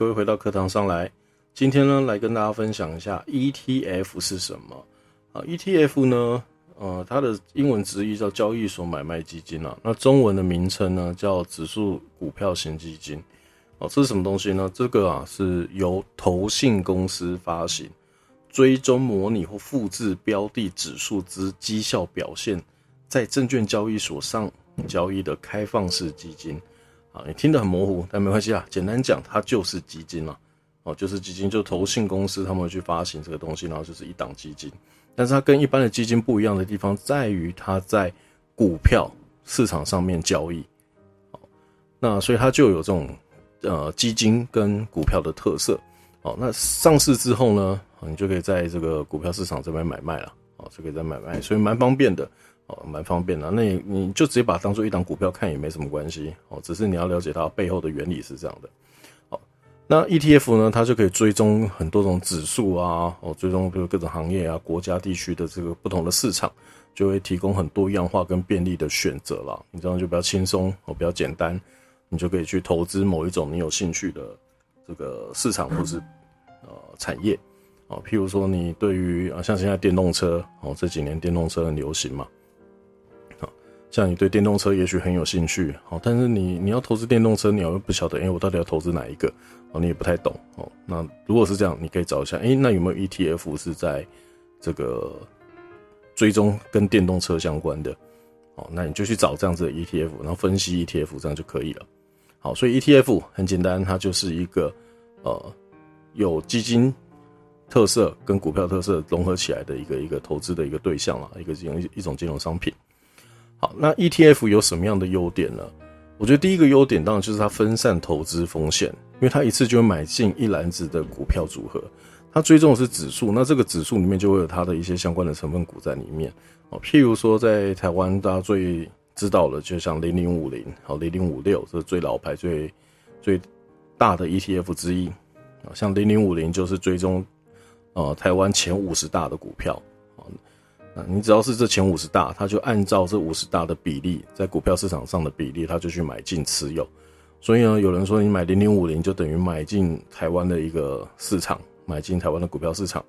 各位回到課堂上來，今天呢，來跟大家分享一下 ETF 是什麼啊？ETF 呢，呃，它的英文直譯叫交易所買賣基金啊，那中文的名稱呢叫指數股票型基金。哦，這是什麼東西呢？這個啊是由投信公司發行，追蹤模擬或複制標的指數之績效表現，在證券交易所上交易的開放式基金。啊，你聽得很模糊，但沒關係啊。簡單講，它就是基金嘛，哦，就是基金，就投信公司他們會去發行這個東西，然後就是一檔基金。但是它跟一般的基金不一樣的地方，在於它在股票市場上面交易，哦，那所以它就有這種呃基金跟股票的特色。好，那上市之後呢，你就可以在這個股票市場這邊買賣了，哦，就可以在買賣，所以蠻方便的。哦，蠻方便的。那你就直接把它當做一檔股票看也沒什麼關係哦。只是你要了解它背後的原理是這樣的。好，那 ETF 呢，它就可以追蹤很多種指數啊，哦，追蹤比如各種行業啊、國家地區的這個不同的市場，就會提供很多樣化跟便利的選擇啦。你這樣就比較輕鬆，哦，比較簡單，你就可以去投資某一種你有興趣的這個市場或是呃產業。哦，譬如說你對於啊，像現在電動車哦，這幾年電動車很流行嘛。像你對電動車也許很有興趣，好，但是你你要投資電動車，你又不曉得，欸，我到底要投資哪一個？哦，你也不太懂，哦，那如果是這樣，你可以找一下，欸，那有沒有 ETF 是在這個追蹤跟電動車相關的？哦，那你就去找這樣子的 ETF，然後分析 ETF 這樣就可以了。好，所以 ETF 很簡單，它就是一個呃有基金特色跟股票特色融合起來的一個一個投資的一個對象啦，一個金融一種金融商品。好，那 ETF 有什麼樣的優點呢？我覺得第一個優點當然就是它分散投資風險，因為它一次就會買進一籃子的股票組合，它追蹤的是指數，那這個指數裡面就會有它的一些相關的成分股在裡面哦。譬如說，在台灣大家最知道的，就像零零五零，好，零零五六這是最老牌、最最大的 ETF 之一啊，像零零五零就是追蹤啊、呃、台灣前五十大的股票。你只要是這前五十大，他就按照這五十大的比例，在股票市場上的比例，他就去買進持有。所以呢，有人說你買零零五零就等於買進台灣的一個市場，買進台灣的股票市場。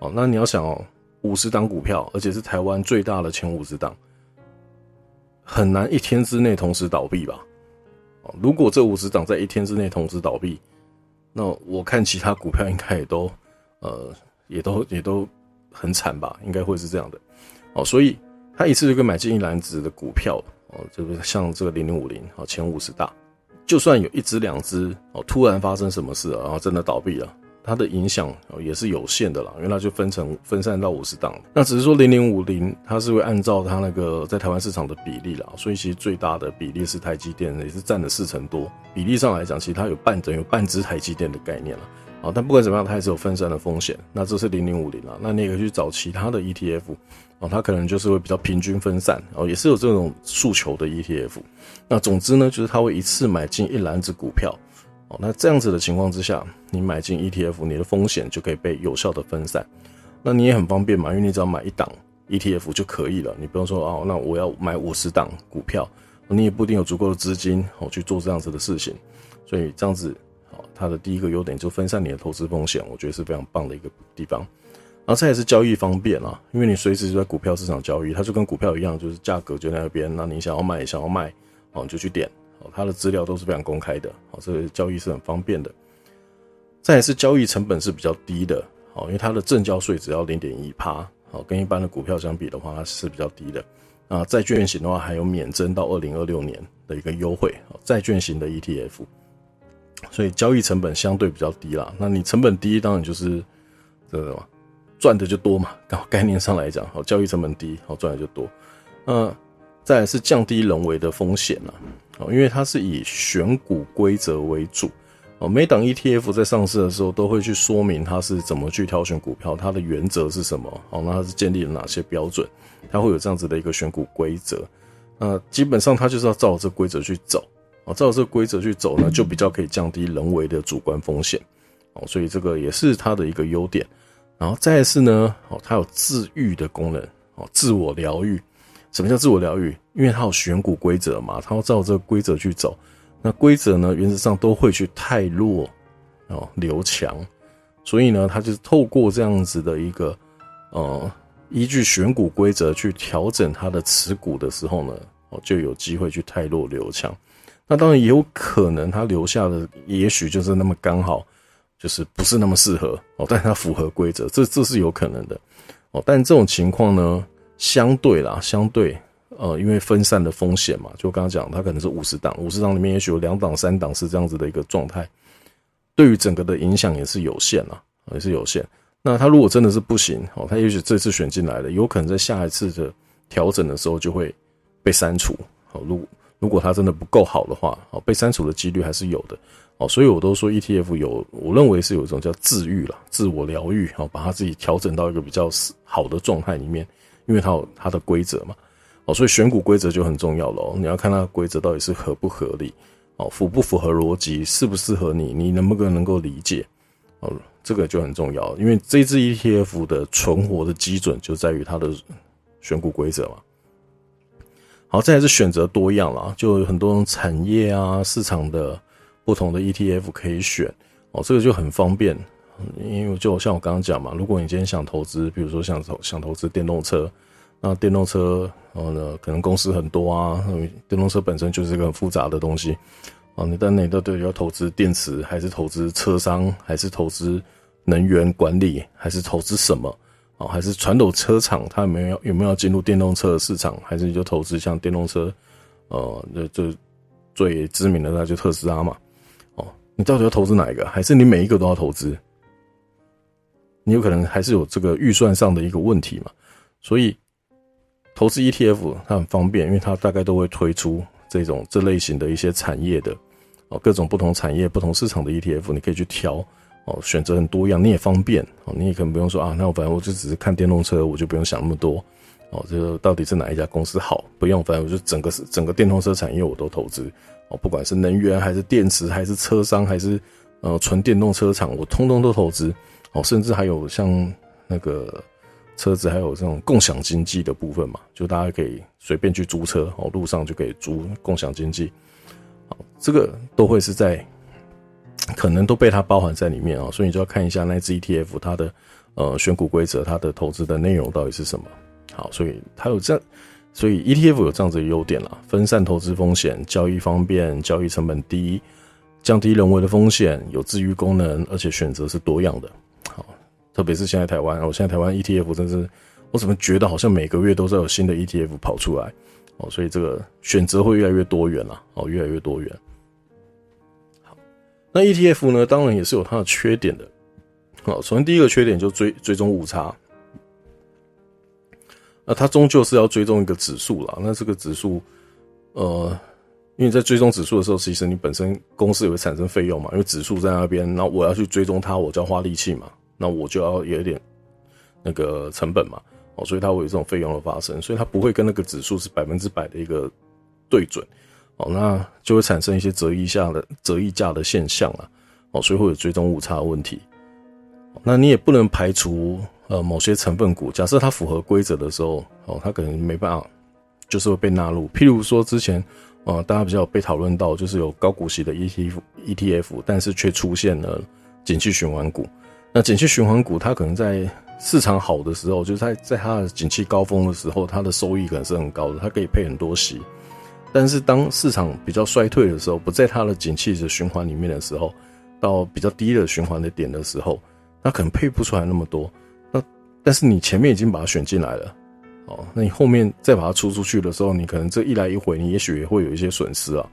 哦，那你要想哦，五十檔股票，而且是台灣最大的前五十檔，很難一天之內同時倒閉吧？哦，如果這五十檔在一天之內同時倒閉，那我看其他股票應該也都呃也都也都很慘吧？應該會是這樣的。哦，所以他一次就可以買進一籃子的股票，哦，就是像這個零零五零，哦，前五十大，就算有一隻、兩隻，哦，突然發生什麼事啊，然後真的倒閉了，它的影響也是有限的啦，因為它就分成分散到五十檔。那只是說零零五零，它是會按照它那個在台灣市場的比例啦，所以其實最大的比例是台積電，也是占了四成多。比例上來講，其實它有半整、有半只台積電的概念了。啊，但不管怎麼樣，它也是有分散的風險。那這是零零五零了，那你也可以去找其他的 ETF，哦，它可能就是會比較平均分散，哦，也是有這種訴求的 ETF。那總之呢，就是它會一次買進一籃子股票，哦，那這樣子的情況之下，你買進 ETF，你的風險就可以被有效的分散。那你也很方便嘛，因為你只要買一檔 ETF 就可以了，你不用說，哦，那我要買五十檔股票，你也不一定有足夠的資金哦去做這樣子的事情，所以這樣子。它的第一個優點就分散你的投資風險，我覺得是非常棒的一個地方。然後再來是交易方便啊，因為你隨時在股票市場交易，它就跟股票一樣，就是價格就在那邊，那你想要買想要賣哦，你就去點哦。它的資料都是非常公開的，好，這個交易是很方便的。再來是交易成本是比較低的，好，因為它的證交稅只要零點一趴，好，跟一般的股票相比的話，它是比較低的。那債券型的話，還有免徵到二零二六年的一個優惠，債券型的 ETF。所以交易成本相對比較低啦，那你成本低，當然就是這個嘛，呃，賺的就多嘛。然後概念上來講，好，交易成本低，好，賺的就多。呃，再來是降低人為的風險了，哦，因為它是以選股規則為主。哦，每檔 ETF 在上市的時候都會去說明它是怎麼去挑選股票，它的原則是什麼。哦，那它是建立了哪些標準？它會有這樣子的一個選股規則。呃，基本上它就是要照著這規則去走。哦，照這個規則去走呢，就比較可以降低人為的主觀風險，哦，所以這個也是它的一個優點。然後再次呢，哦，它有自癒的功能，哦，自我療癒。什麼叫自我療癒？因為它有選股規則嘛，它要照這個規則去走。那規則呢，原則上都會去汰弱，哦，留強。所以呢，它就是透過這樣子的一個，呃，依據選股規則去調整它的持股的時候呢，哦，就有機會去汰弱留強。那當然也有可能，他留下的也許就是那麼剛好，就是不是那麼適合哦，但是它符合規則，這這是有可能的哦。但這種情況呢，相對啦，相對呃，因為分散的風險嘛，就剛剛講，它可能是五十檔，五十檔裡面也許有兩檔、三檔是這樣子的一個狀態，對於整個的影響也是有限啊，也是有限。那他如果真的是不行哦，他也許這次選進來的，有可能在下一次的調整的時候就會被刪除哦。如果如果它真的不夠好的話，哦，被刪除的幾率還是有的，哦，所以我都說 ETF 有，我認為是有一種叫自癒了，自我療癒，哦，把它自己調整到一個比較好的狀態裡面，因為它有它的規則嘛，哦，所以選股規則就很重要了，你要看它的規則到底是合不合理，哦，符不符合邏輯，適不適合你，你能不能夠理解，哦，這個就很重要，因為這支 ETF 的存活的基準就在於它的選股規則嘛。然後再來是選擇多樣了，就很多種產業啊、市場的不同的 ETF 可以選哦，這個就很方便。因為就像我剛剛講嘛，如果你今天想投資，比如說想投想投資電動車，那電動車呃、哦，可能公司很多啊，電動車本身就是一個很複雜的東西啊。你、哦、但你到底要投資電池，還是投資車商，還是投資能源管理，還是投資什麼？哦，還是傳統車廠，它有沒有有沒有要進入電動車的市場？還是你就投資像電動車，呃，就，就最知名的那就特斯拉嘛。哦，你到底要投資哪一個？還是你每一個都要投資？你有可能還是有這個預算上的一個問題嘛。所以投資 ETF 它很方便，因為它大概都會推出這種這種這種類型的一些產業的哦，各種不同產業、不同市場的 ETF，你可以去挑。哦，選擇很多樣，你也方便哦。你也可能不用說啊，那我反正我就只是看電動車，我就不用想那麼多哦。這個到底是哪一家公司好？不用，反正我就整個整個電動車產業我都投資哦。不管是能源還是電池，還是車商，還是呃純電動車廠，我通通都投資哦。甚至還有像那個車子，還有這種共享經濟的部分嘛，就大家可以隨便去租車哦，路上就可以租共享經濟。好，哦，這個都會是在。可能都被它包含在裡面啊，喔，所以你就要看一下那隻 ETF 它的呃選股規則，它的投資的內容到底是什麼。好，所以它有這樣，所以 ETF 有這樣子的優點啦，分散投資風險、交易方便、交易成本低、降低人為的風險、有治癒功能，而且選擇是多樣的。好，特別是現在台灣，我現在台灣 ETF 真是我怎麼覺得好像每個月都在有新的 ETF 跑出來哦，所以這個選擇會越來越多元啦，哦，越來越多元。那 ETF 呢，當然也是有它的缺點的。好，首先第一個缺點就是追追蹤誤差。那它終究是要追蹤一個指數啦。那這個指數，呃，因為在追蹤指數的時候，其實你本身公司也會產生費用嘛。因為指數在那邊，那我要去追蹤它，我就要花力氣嘛，那我就要有一點那個成本嘛。哦，所以它會有這種費用的發生，所以它不會跟那個指數是百分之百的一個對準。哦，那就會產生一些折溢價的折溢價的現象啊，哦，所以會有追蹤誤差問題。那你也不能排除呃某些成分股，假設它符合規則的時候，哦，它可能沒辦法，就是會被納入。譬如說之前，呃，大家比較有被討論到，就是有高股息的 ETF ETF，但是卻出現了景氣循環股。那景氣循環股，它可能在市場好的時候，就是在在它的景氣高峰的時候，它的收益可能是很高的，它可以配很多息。但是當市場比較衰退的時候，不在它的景氣的循環裡面的時候，到比較低的循環的點的時候，它可能配不出來那麼多。那但是你前面已經把它選進來了，哦，那你後面再把它出出去的時候，你可能這一來一回，你也許也會有一些損失啊。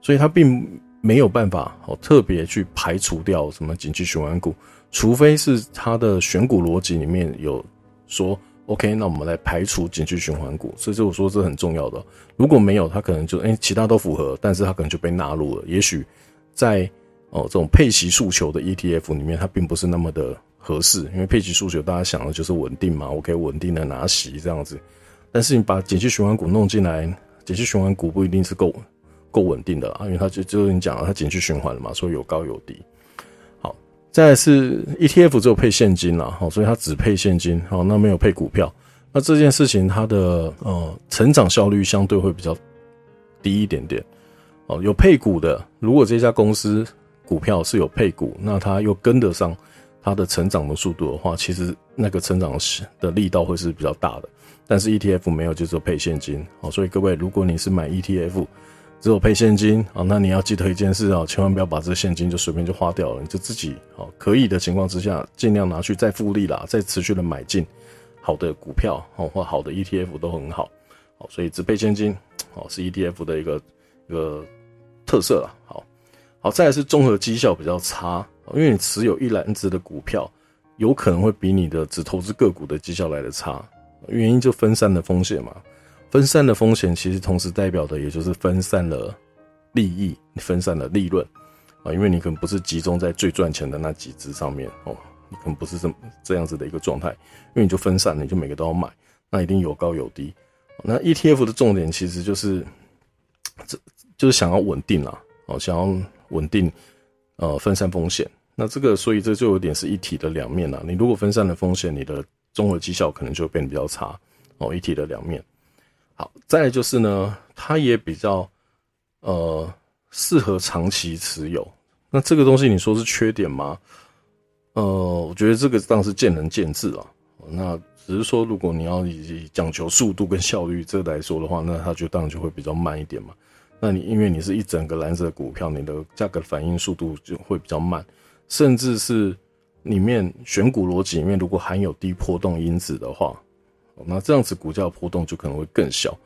所以它並沒有辦法哦，特別去排除掉什麼景氣循環股，除非是它的選股邏輯裡面有說。OK，那我們來排除景氣循環股，所以這我說這很重要的。如果沒有，它可能就哎、欸、其他都符合，但是它可能就被納入了。也許在哦這種配息訴求的 ETF 裡面，它並不是那麼的合適，因為配息訴求大家想的就是穩定嘛，我可以穩定的拿息這樣子。但是你把景氣循環股弄進來，景氣循環股不一定是夠夠穩定的啊，因為它就就是你講了，它景氣循環了嘛，所以有高有低。再來是 ETF 只有配現金啦，好，所以它只配現金，好，那沒有配股票。那這件事情它的呃成長效率相對會比較低一點點，哦，有配股的，如果這家公司股票是有配股，那它又跟得上它的成長的速度的話，其實那個成長的力道會是比較大的。但是 ETF 沒有，就是配現金，好，所以各位，如果你是買 ETF。只有配現金啊，那你要記得一件事啊，千萬不要把這個現金就隨便就花掉了，你就自己啊可以的情況之下，儘量拿去再複利啦，再持續的買進好的股票哦，或好的 ETF 都很好，好，所以只配現金哦是 ETF 的一個一個特色啦，好，好，再來是綜合績效比較差，因為你持有一籃子的股票，有可能會比你的只投資個股的績效來的差，原因就分散的風險嘛。分散的風險其實同時代表的也就是分散了利益，分散了利潤，啊，因為你可能不是集中在最賺錢的那幾支上面哦，你可能不是這麼這樣子的一個狀態，因為你就分散了，你就每個都要買，那一定有高有低。那 ETF 的重點其實就是這就是想要穩定啦，哦，想要穩定，呃，分散風險。那這個所以這就有點是一體的兩面啦，你如果分散了風險，你的綜合績效可能就會變得比較差，哦，一體的兩面。好，再來就是呢，它也比較，呃，適合長期持有。那這個東西你說是缺點嗎？呃，我覺得這個當然，是見仁見智啊。那只是說，如果你要以講求速度跟效率這來說的話，那它就當然就會比較慢一點嘛。那你因為你是一整個藍色的股票，你的價格反應速度就會比較慢，甚至是裡面選股邏輯裡面如果含有低波動因子的話。那這樣子股價的波動就可能會更小，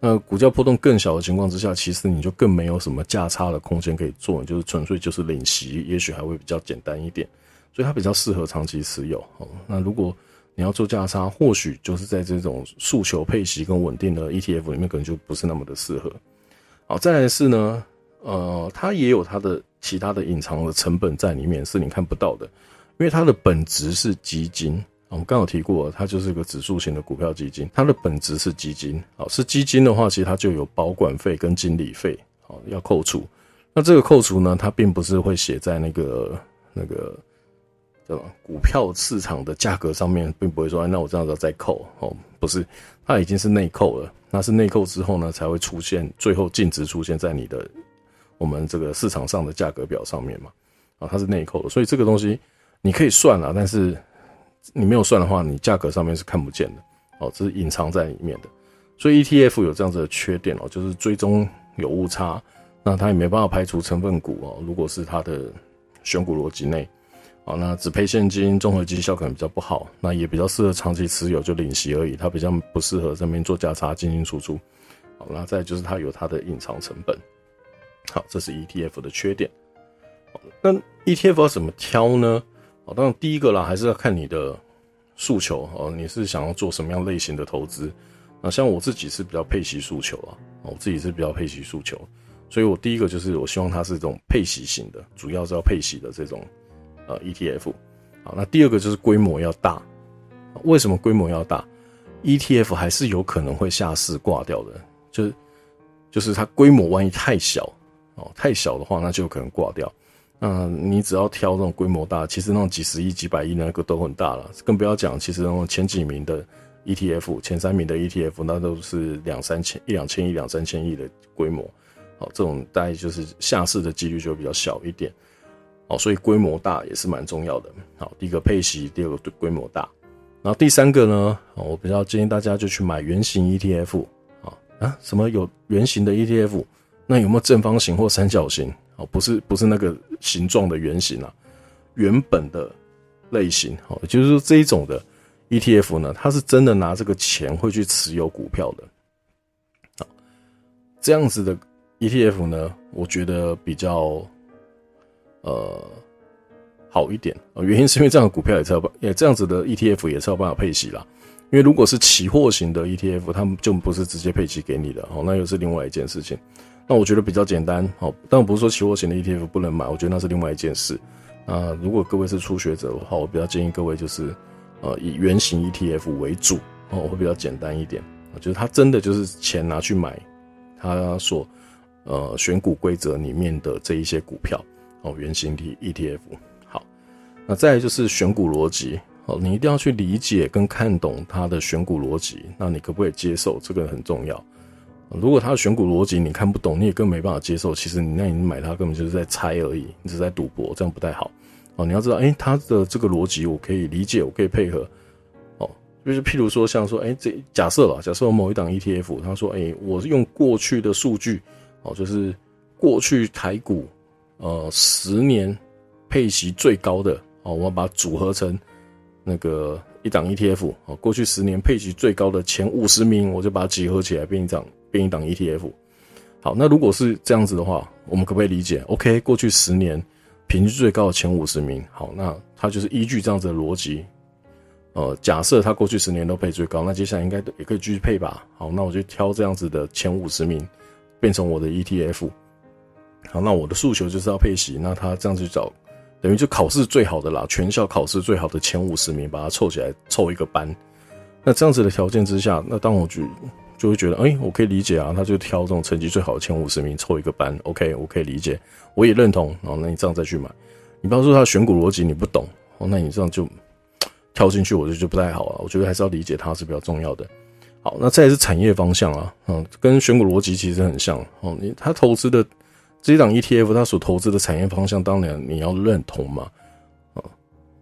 那股價波動更小的情況之下，其實你就更沒有什麼價差的空間可以做，就是純粹就是領息，也許還會比較簡單一點，所以它比較適合長期持有。好，那如果你要做價差，或許就是在這種訴求配息跟穩定的 ETF 裡面，可能就不是那麼的適合。好，再來是呢，呃，它也有它的其他的隱藏的成本在裡面是你看不到的，因為它的本質是基金。我們剛有提過，它就是一個指數型的股票基金，它的本質是基金。好，是基金的話，其實它就有保管費跟經理費，好，要扣除。那這個扣除呢，它並不是會寫在那個那個對吧，股票市場的價格上面，並不會說，哎，那我這樣子要再扣哦，不是，它已經是內扣了。那是內扣之後呢，才會出現最後淨值出現在你的我們這個市場上的價格表上面嘛，啊，它是內扣的，所以這個東西你可以算啊，但是。你沒有算的話，你價格上面是看不見的，哦，這是隱藏在裡面的。所以 ETF 有這樣子的缺點哦，就是追蹤有誤差，那它也沒辦法排除成分股哦。如果是它的選股邏輯內，好，那只配現金，綜合績效果可能比較不好，那也比較適合長期持有就領息而已，它比較不適合這邊做價差進進出出。好，那再就是它有它的隱藏成本。好，這是 ETF 的缺點。那 ETF 要怎麼挑呢？哦，當然第一個啦，還是要看你的訴求哦、呃，你是想要做什麼樣類型的投資？那、啊、像我自己是比較配息訴求啊，我自己是比較配息訴求，所以我第一個就是我希望它是這種配息型的，主要是要配息的這種呃 ETF。好，那第二個就是規模要大，為什麼規模要大？ETF 還是有可能會下市掛掉的，就是就是它規模萬一太小哦，太小的話那就有可能掛掉。嗯，你只要挑那種規模大，其實那種幾十億、幾百億那個都很大了，更不要講，其實那種前幾名的 ETF，前三名的 ETF，那都是兩三千、一兩千億、兩三千億的規模，好，這種大概就是下市的幾率就比較小一點，哦，所以規模大也是蠻重要的。好，第一個配息，第二個規模大，然後第三個呢，我比較建議大家就去買原型 ETF，啊啊，什麼有原型的 ETF，那有沒有正方形或三角形？哦，不是不是那個形狀的原型啊，原本的類型哦，就是說這一種的 ETF 呢，它是真的拿這個錢會去持有股票的，這樣子的 ETF 呢，我覺得比較呃好一點，原因是因為這樣的股票也才有辦，也這樣子的 ETF 也是有辦法配息啦，因為如果是期貨型的 ETF，他們就不是直接配息給你的哦，那又是另外一件事情。那我覺得比較簡單，哦，但我不是說期貨型的 ETF 不能買，我覺得那是另外一件事。啊，如果各位是初學者的話，我比較建議各位就是，呃，以原型 ETF 為主哦，我會比較簡單一點。就是他真的就是錢拿去買，他所，呃，選股規則裡面的這一些股票哦，原型的 ETF。好，那再來就是選股邏輯哦，你一定要去理解跟看懂他的選股邏輯，那你可不可以接受，這個很重要。如果他的選股邏輯你看不懂，你也更沒辦法接受。其實你那你買它根本就是在猜而已，你只是在賭博，這樣不太好哦。你要知道，哎、欸，他的這個邏輯我可以理解，我可以配合哦。就是譬如說，像說，哎、欸，這假設啦，假設我某一檔 ETF，他說，哎、欸，我是用過去的數據，哦，就是過去台股，呃，十年配息最高的哦，我要把組合成那個一檔 ETF，哦，過去十年配息最高的前五十名，我就把它集合起來，變一變一檔 ETF，好，那如果是這樣子的話，我們可不可以理解？OK，過去十年平均最高的前五十名，好，那他就是依據這樣子的邏輯，呃，假設他過去十年都配最高，那接下來應該也可以繼續配吧？好，那我就挑這樣子的前五十名變成我的 ETF，好，那我的訴求就是要配息。那他這樣子去找，等於就考試最好的啦，全校考試最好的前五十名，把它湊起來湊一個班，那這樣子的條件之下，那當我舉。就會覺得，哎、欸，我可以理解啊，他就挑這種成績最好的前五十名湊一個班，OK，我可以理解，我也認同。哦，那你這樣再去買，你不要說他的選股邏輯你不懂，哦，那你這樣就跳進去我，我覺得就不太好了、啊。我覺得還是要理解他是比較重要的。好，那再來是產業方向啊，嗯，跟選股邏輯其實很像哦。你、嗯、他投資的這一檔 ETF，他所投資的產業方向，當然你要認同嘛。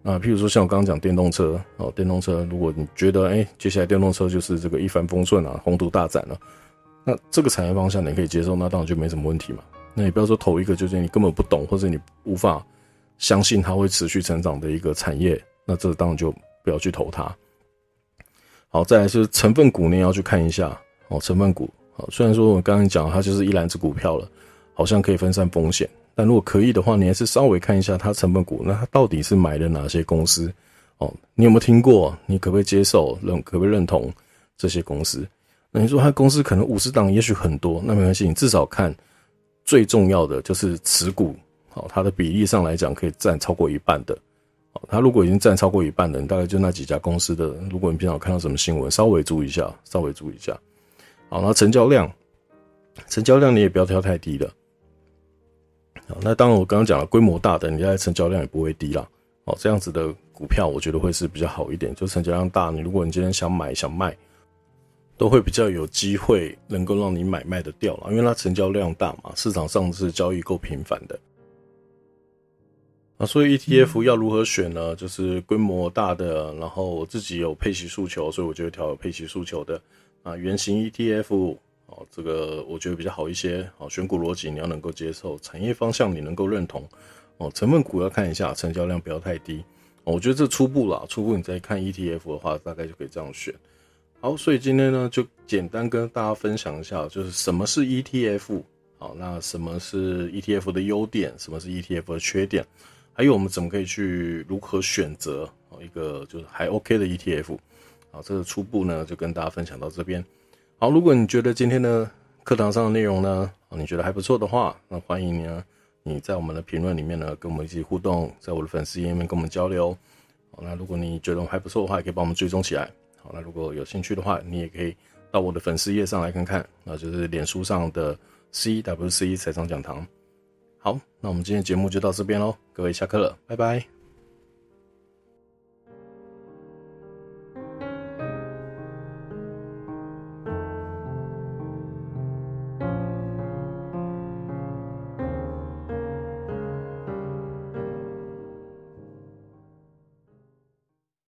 啊，譬如說像我剛剛講電動車哦，電動車，如果你覺得哎，接下來電動車就是這個一帆風順啊，宏圖大展了，那這個產業方向你可以接受，那當然就沒什麼問題嘛。那也不要說投一個就是你根本不懂或者你無法相信它會持續成長的一個產業，那這當然就不要去投它。好，再來是成分股呢，你要去看一下哦，成分股啊，雖然說我剛剛講它就是一籃子股票了，好像可以分散風險。但如果可以的話，你還是稍微看一下它成本股，那它到底是買了哪些公司？哦，你有沒有聽過？你可不可以接受認？可不可以認同這些公司？那你說它公司可能五十檔，也許很多，那沒關係。你至少看最重要的就是持股，好，它的比例上來講可以佔超過一半的。哦，它如果已經佔超過一半的，你大概就那幾家公司的。如果你平常看到什麼新聞，稍微注意一下，稍微注意一下。好，那成交量，成交量你也不要挑太低的。啊，那當然，我剛剛講了，規模大的，你在成交量也不會低啦。哦，這樣子的股票，我覺得會是比較好一點，就成交量大。你如果你今天想買想賣，都會比較有機會，能夠讓你買賣的掉了，因為它成交量大嘛，市場上是交易夠頻繁的。啊，所以 ETF 要如何選呢？就是規模大的，然後我自己有配息訴求，所以我就會挑有配息訴求的啊，原型 ETF。好，這個我覺得比較好一些。好，選股邏輯你要能夠接受，產業方向你能夠認同。哦，成分股要看一下，成交量不要太低。哦，我覺得這初步啦，初步你再看 ETF 的話，大概就可以這樣選。好，所以今天呢，就簡單跟大家分享一下，就是什麼是 ETF，好，那什麼是 ETF 的優點，什麼是 ETF 的缺點，還有我們怎麼可以去如何選擇哦一個就是還 OK 的 ETF。好，這個初步呢，就跟大家分享到這邊。好，如果你覺得今天的課堂上的內容呢，你覺得還不錯的話，那歡迎你呢，你在我們的評論裡面呢，跟我們一起互動，在我的粉絲頁面跟我們交流。好，那如果你覺得還不錯的話，也可以幫我們追蹤起來。好，那如果有興趣的話，你也可以到我的粉絲頁上來看看，那就是臉書上的 CWC 財商講堂。好，那我們今天的節目就到這邊嘍，各位下課了，拜拜。